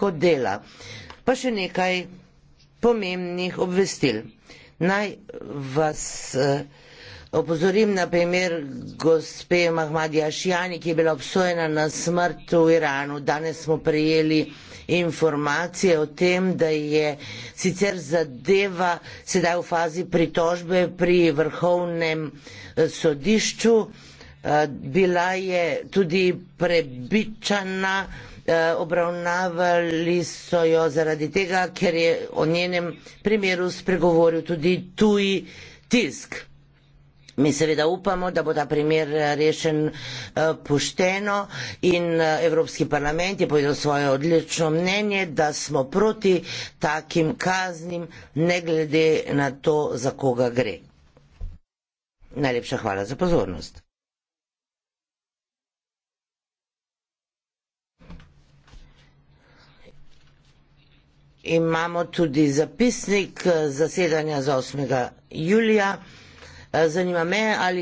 kot dela. Pa še nekaj pomembnih obvestil. Naj vas eh, opozorim na primer gospe Mahmadija Šijani, ki je bila obsojena na smrt v Iranu. Danes smo prejeli informacije o tem, da je sicer zadeva sedaj v fazi pritožbe pri vrhovnem eh, sodišču, Eh, bila je tudi prebičana, eh, obravnavali so jo zaradi tega, ker je o njenem primeru spregovoril tudi tuji tisk. Mi seveda upamo, da bo ta primer eh, rešen pošteno in Evropski parlament je povedal svoje odlično mnenje, da smo proti takim kaznim, ne glede na to, za koga gre. Najlepša hvala za pozornost. Imamo tudi zapisnik eh, zasedanja za 8. julija. Eh, zanima me, ali